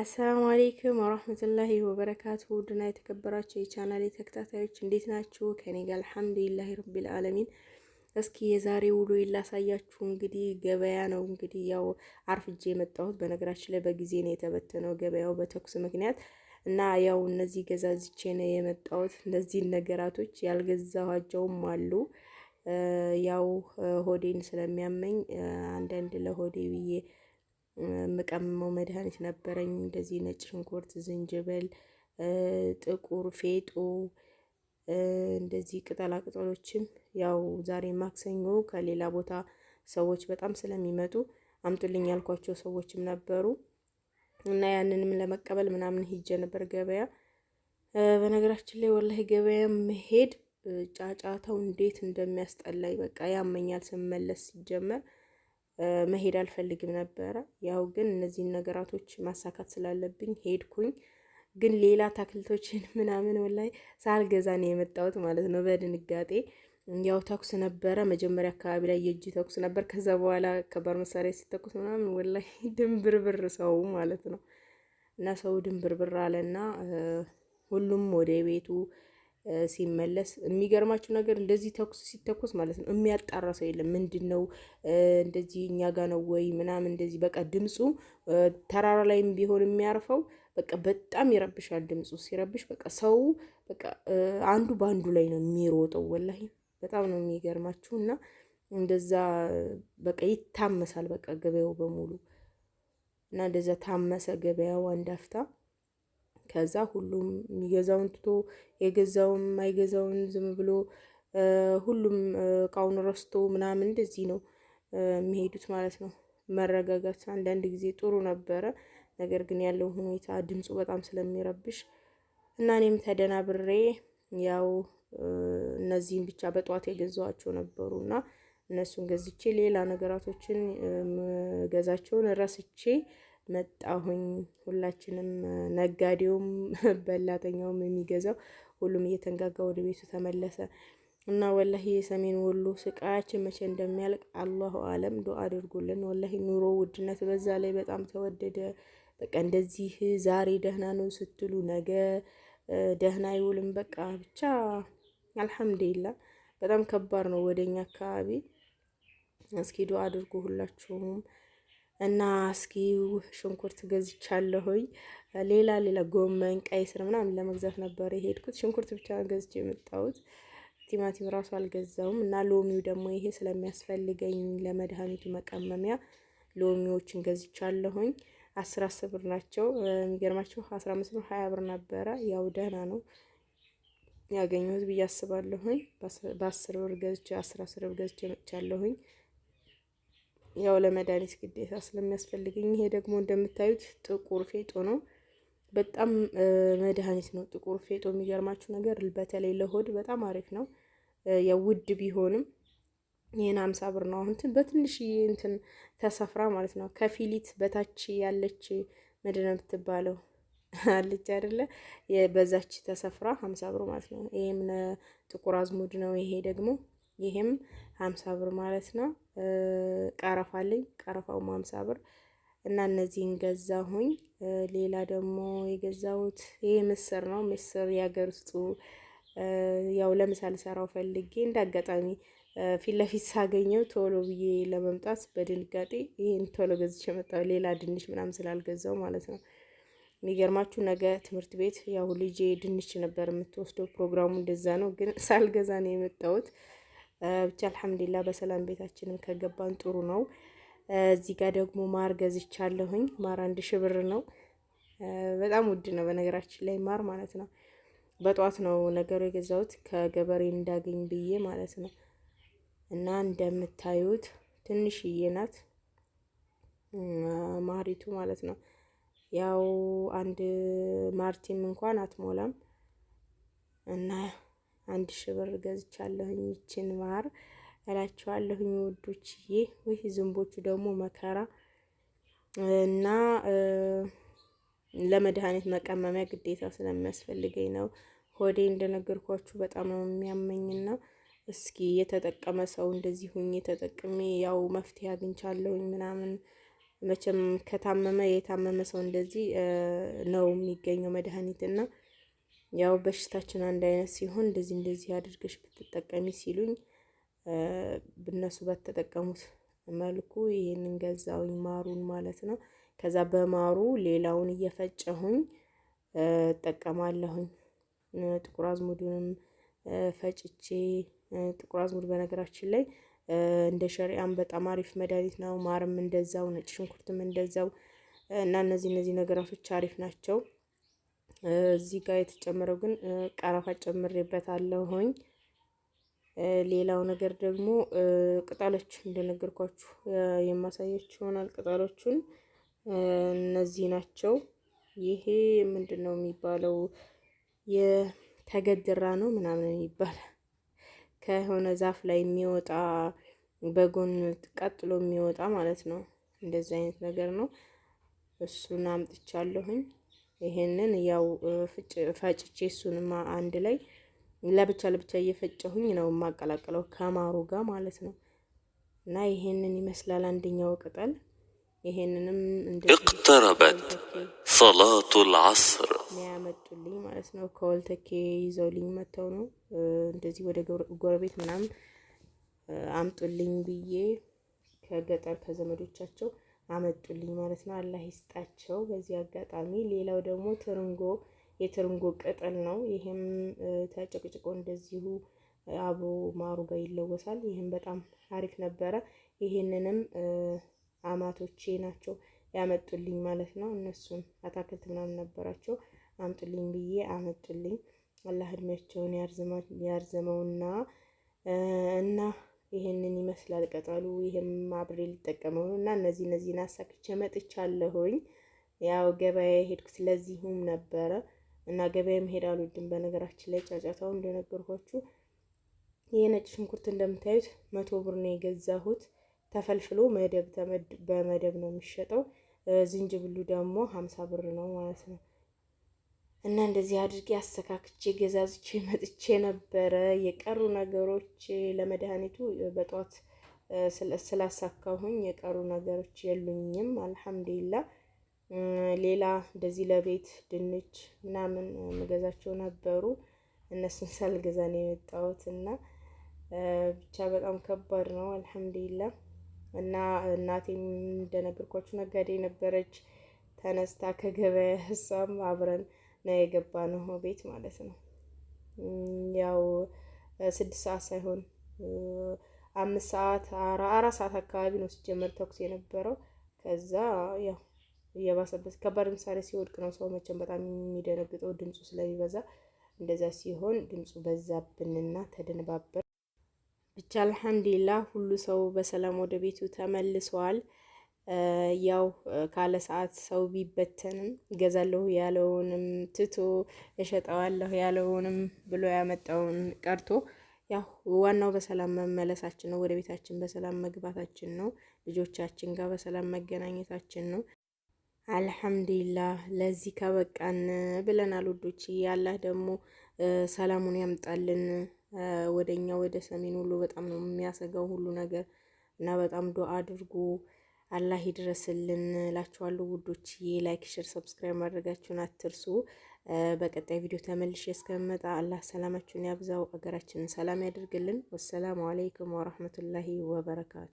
አሰላሙ አሌይኩም ወራህመቱላሂ ወበረካቱ ውድና የተከበራቸው የቻናሌ ተከታታዮች እንዴት ናችሁ? ከኔ ጋር አልሐምዱሊላሂ ረቢል አለሚን። እስኪ የዛሬ ውሎ ላሳያችሁ። እንግዲህ ገበያ ነው። እንግዲህ ያው አርፍጄ የመጣሁት በነገራችን ላይ በጊዜ ነው የተበተነው ገበያው በተኩስ ምክንያት እና ያው እነዚህ ገዛዝቼ ነው የመጣሁት። እነዚህን ነገራቶች ያልገዛኋቸውም አሉ። ያው ሆዴን ስለሚያመኝ አንዳንድ ለሆዴ ብዬ የምቀምመው መድኃኒት ነበረኝ። እንደዚህ ነጭ ሽንኩርት፣ ዝንጅብል፣ ጥቁር ፌጦ እንደዚህ ቅጠላ ቅጠሎችም ያው ዛሬ ማክሰኞ ከሌላ ቦታ ሰዎች በጣም ስለሚመጡ አምጡልኝ ያልኳቸው ሰዎችም ነበሩ እና ያንንም ለመቀበል ምናምን ሂጀ ነበር ገበያ። በነገራችን ላይ ወላሂ ገበያ መሄድ ጫጫታው እንዴት እንደሚያስጠላኝ በቃ ያመኛል ስመለስ ሲጀመር መሄድ አልፈልግም ነበረ። ያው ግን እነዚህን ነገራቶች ማሳካት ስላለብኝ ሄድኩኝ። ግን ሌላ ታክልቶችን ምናምን ወላይ ሳልገዛ ነው የመጣሁት ማለት ነው በድንጋጤ ያው ተኩስ ነበረ መጀመሪያ አካባቢ ላይ የእጅ ተኩስ ነበር። ከዛ በኋላ ከባድ መሳሪያ ሲተኩስ ምናምን ወላሂ ድንብርብር ሰው ማለት ነው እና ሰው ድንብርብር አለና ሁሉም ወደ ቤቱ ሲመለስ የሚገርማችሁ ነገር እንደዚህ ተኩስ ሲተኩስ ማለት ነው የሚያጣራ ሰው የለም። ምንድን ነው እንደዚህ እኛ ጋ ነው ወይ ምናምን እንደዚህ በቃ ድምፁ ተራራ ላይም ቢሆን የሚያርፈው በቃ በጣም ይረብሻል። ድምፁ ሲረብሽ በቃ ሰው በቃ አንዱ በአንዱ ላይ ነው የሚሮጠው። ወላሂ በጣም ነው የሚገርማችሁ እና እንደዛ በቃ ይታመሳል። በቃ ገበያው በሙሉ እና እንደዛ ታመሰ ገበያው አንድ አፍታ ከዛ ሁሉም የሚገዛውን ትቶ የገዛውን የማይገዛውን ዝም ብሎ ሁሉም እቃውን ረስቶ ምናምን እንደዚህ ነው የሚሄዱት ማለት ነው። መረጋጋት አንዳንድ ጊዜ ጥሩ ነበረ። ነገር ግን ያለው ሁኔታ ድምፁ በጣም ስለሚረብሽ እና እኔም ተደናብሬ ያው እነዚህን ብቻ በጠዋት የገዛዋቸው ነበሩ እና እነሱን ገዝቼ ሌላ ነገራቶችን ገዛቸውን ረስቼ መጣሁኝ። ሁላችንም ነጋዴውም፣ በላተኛውም የሚገዛው ሁሉም እየተንጋጋ ወደ ቤቱ ተመለሰ እና ወላሂ የሰሜን ወሎ ስቃያችን መቼ እንደሚያልቅ አላሁ አለም። ዱአ አድርጉልን። ወላሂ ኑሮ ውድነት በዛ ላይ በጣም ተወደደ። በቃ እንደዚህ ዛሬ ደህና ነው ስትሉ ነገ ደህና አይውልም። በቃ ብቻ አልሐምዱሊላ በጣም ከባድ ነው ወደኛ አካባቢ። እስኪ ዱአ አድርጉ ሁላችሁም። እና እስኪ ሽንኩርት ገዝቻለሁኝ። ሌላ ሌላ ጎመን፣ ቀይ ስር ምናምን ለመግዛት ነበር የሄድኩት። ሽንኩርት ብቻ ገዝቼ የመጣሁት ቲማቲም ራሱ አልገዛውም። እና ሎሚው ደግሞ ይሄ ስለሚያስፈልገኝ ለመድኃኒቱ መቀመሚያ ሎሚዎችን ገዝቻለሁኝ። አስር አስር ብር ናቸው። የሚገርማቸው አስራ አምስት ብር ሀያ ብር ነበረ። ያው ደህና ነው ያገኘሁት ብዬ አስባለሁኝ። በአስር ብር ገዝቼ አስር አስር ብር ገዝቼ መጥቻለሁኝ። ያው ለመድኃኒት ግዴታ ስለሚያስፈልገኝ ይሄ ደግሞ እንደምታዩት ጥቁር ፌጦ ነው። በጣም መድኃኒት ነው ጥቁር ፌጦ። የሚገርማችሁ ነገር በተለይ ለሆድ በጣም አሪፍ ነው። ያው ውድ ቢሆንም ይህን አምሳ ብር ነው አሁን በትንሽ እንትን ተሰፍራ ማለት ነው። ከፊሊት በታች ያለች ምንድን ነው የምትባለው አለች አይደለ? በዛች ተሰፍራ ሀምሳ ብር ማለት ነው። ይህም ጥቁር አዝሙድ ነው። ይሄ ደግሞ ይህም ሀምሳ ብር ማለት ነው። ቀረፋለኝ ቀረፋውም ሀምሳ ብር እና እነዚህን ገዛሁኝ። ሌላ ደግሞ የገዛሁት ይሄ ምስር ነው። ምስር የሀገር ውስጡ ያው ለምሳ ሰራው ፈልጌ እንዳጋጣሚ ፊት ለፊት ሳገኘው ቶሎ ብዬ ለመምጣት በድንጋጤ ይህን ቶሎ ገዝቼ መጣሁ። ሌላ ድንች ምናምን ስላልገዛው ማለት ነው። የሚገርማችሁ ነገ ትምህርት ቤት ያው ልጄ ድንች ነበር የምትወስደው። ፕሮግራሙ እንደዛ ነው፣ ግን ሳልገዛ ነው የመጣሁት። ብቻ አልሐምዱሊላ በሰላም ቤታችንም ከገባን ጥሩ ነው። እዚህ ጋር ደግሞ ማር ገዝቻለሁኝ። ማር አንድ ሽብር ብር ነው። በጣም ውድ ነው በነገራችን ላይ ማር ማለት ነው። በጠዋት ነው ነገሩ የገዛሁት ከገበሬ እንዳገኝ ብዬ ማለት ነው። እና እንደምታዩት ትንሽዬ ናት ማሪቱ ማለት ነው። ያው አንድ ማርቲም እንኳን አትሞላም እና አንድ ሺህ ብር ገዝቻለሁኝ ይችን ማር እላችኋለሁኝ ውዶች። ይህ ዝንቦቹ ደግሞ መከራ እና ለመድኃኒት መቀመሚያ ግዴታ ስለሚያስፈልገኝ ነው። ሆዴ እንደነገርኳችሁ በጣም ነው የሚያመኝና እስኪ የተጠቀመ ሰው እንደዚህ ሁኝ ተጠቅሜ ያው መፍትሄ አግኝቻለሁኝ ምናምን። መቼም ከታመመ የታመመ ሰው እንደዚህ ነው የሚገኘው መድኃኒትና ያው በሽታችን አንድ አይነት ሲሆን እንደዚህ እንደዚህ አድርገሽ ብትጠቀሚ ሲሉኝ ብነሱ በተጠቀሙት መልኩ ይህንን ገዛውኝ ማሩን ማለት ነው። ከዛ በማሩ ሌላውን እየፈጨሁኝ እጠቀማለሁኝ። ጥቁር አዝሙዱንም ፈጭቼ ጥቁር አዝሙድ በነገራችን ላይ እንደ ሸሪአም በጣም አሪፍ መድኃኒት ነው። ማርም እንደዛው፣ ነጭ ሽንኩርትም እንደዛው እና እነዚህ እነዚህ ነገራቶች አሪፍ ናቸው። እዚህ ጋር የተጨመረው ግን ቀረፋ ጨምሬበታለሁኝ። ሌላው ነገር ደግሞ ቅጠሎች እንደነገርኳችሁ የማሳያችሁ ይሆናል። ቅጠሎቹን እነዚህ ናቸው። ይሄ ምንድን ነው የሚባለው? የተገድራ ነው ምናምን የሚባል ከሆነ ዛፍ ላይ የሚወጣ በጎን ቀጥሎ የሚወጣ ማለት ነው። እንደዚህ አይነት ነገር ነው። እሱን አምጥቻለሁኝ። ይሄንን ያው ፈጭቼ እሱንማ አንድ ላይ ለብቻ ለብቻ እየፈጨሁኝ ነው የማቀላቀለው ከማሩ ጋር ማለት ነው። እና ይሄንን ይመስላል አንደኛው ቅጠል። ይሄንንም እቅተረበት ሰላቱል ዐስር ያመጡልኝ ማለት ነው። ከወልተኬ ይዘውልኝ መተው ነው እንደዚህ ወደ ጎረቤት ምናምን አምጡልኝ ብዬ ከገጠር ከዘመዶቻቸው አመጡልኝ ማለት ነው። አላህ ይስጣቸው። በዚህ አጋጣሚ ሌላው ደግሞ ትርንጎ የትርንጎ ቅጠል ነው። ይህም ተጨቅጭቆ እንደዚሁ አብሮ ማሩ ጋር ይለወሳል። ይህም በጣም አሪፍ ነበረ። ይህንንም አማቶቼ ናቸው ያመጡልኝ ማለት ነው። እነሱም አታክልት ምናምን ነበራቸው አምጡልኝ ብዬ አመጡልኝ። አላህ እድሜያቸውን ያርዝመውና እና ይህንን ይመስላል ቅጠሉ። ይሄም አብሬ ሊጠቀመው ነው እና እነዚህ እነዚህን አሳክቼ መጥቻለሁኝ። ያው ገበያ ሄድኩ ስለዚሁም ነበረ እና ገበያ መሄድ አልወድም። በነገራችን ላይ ጫጫታው እንደነገርኳችሁ ይህ ነጭ ሽንኩርት እንደምታዩት መቶ ብር ነው የገዛሁት። ተፈልፍሎ መደብ በመደብ ነው የሚሸጠው። ዝንጅብሉ ደግሞ ሀምሳ ብር ነው ማለት ነው። እና እንደዚህ አድርጌ አስተካክቼ ገዛዝቼ መጥቼ ነበረ። የቀሩ ነገሮች ለመድኃኒቱ በጠዋት ስላሳካሁኝ የቀሩ ነገሮች የሉኝም። አልሐምዱሊላ። ሌላ እንደዚህ ለቤት ድንች ምናምን ምገዛቸው ነበሩ። እነሱን ሳልገዛ ነው የመጣሁት እና ብቻ በጣም ከባድ ነው። አልሐምዱሊላ እና እናቴ እንደነገርኳችሁ ነጋዴ ነበረች። ተነስታ ከገበያ እሷም አብረን ነው የገባነው ቤት ማለት ነው። ያው ስድስት ሰዓት ሳይሆን አምስት ሰዓት አራት ሰዓት አካባቢ ነው ሲጀመር ተኩስ የነበረው። ከዛ ያው እየባሰበት ከባድ መሳሪያ ሲወድቅ ነው ሰው መቼም በጣም የሚደነግጠው ድምፁ ስለሚበዛ እንደዛ ሲሆን ድምፁ በዛብንና ተደንባበር ብቻ አልሐምዱሊላህ ሁሉ ሰው በሰላም ወደ ቤቱ ተመልሰዋል። ያው ካለ ሰዓት ሰው ቢበተንም ገዛለሁ ያለውንም ትቶ እሸጠዋለሁ ያለውንም ብሎ ያመጣውን ቀርቶ ያው ዋናው በሰላም መመለሳችን ነው። ወደ ቤታችን በሰላም መግባታችን ነው። ልጆቻችን ጋር በሰላም መገናኘታችን ነው። አልሐምዱሊላህ ለዚህ ከበቃን ብለናል ውዶች። ያላህ ደግሞ ሰላሙን ያምጣልን ወደኛ ወደ ሰሜን ሁሉ በጣም ነው የሚያሰጋው ሁሉ ነገር እና በጣም ዱአ አድርጉ። አላህ ይድረስልን እላችኋለሁ ውዶችዬ። ላይክ፣ ሼር፣ ሰብስክራይብ ማድረጋችሁን አትርሱ። በቀጣይ ቪዲዮ ተመልሼ እስከምመጣ አላህ ሰላማችሁን ያብዛው፣ አገራችንን ሰላም ያደርግልን። ወሰላሙ አለይኩም ወረህመቱላሂ ወበረካቱ።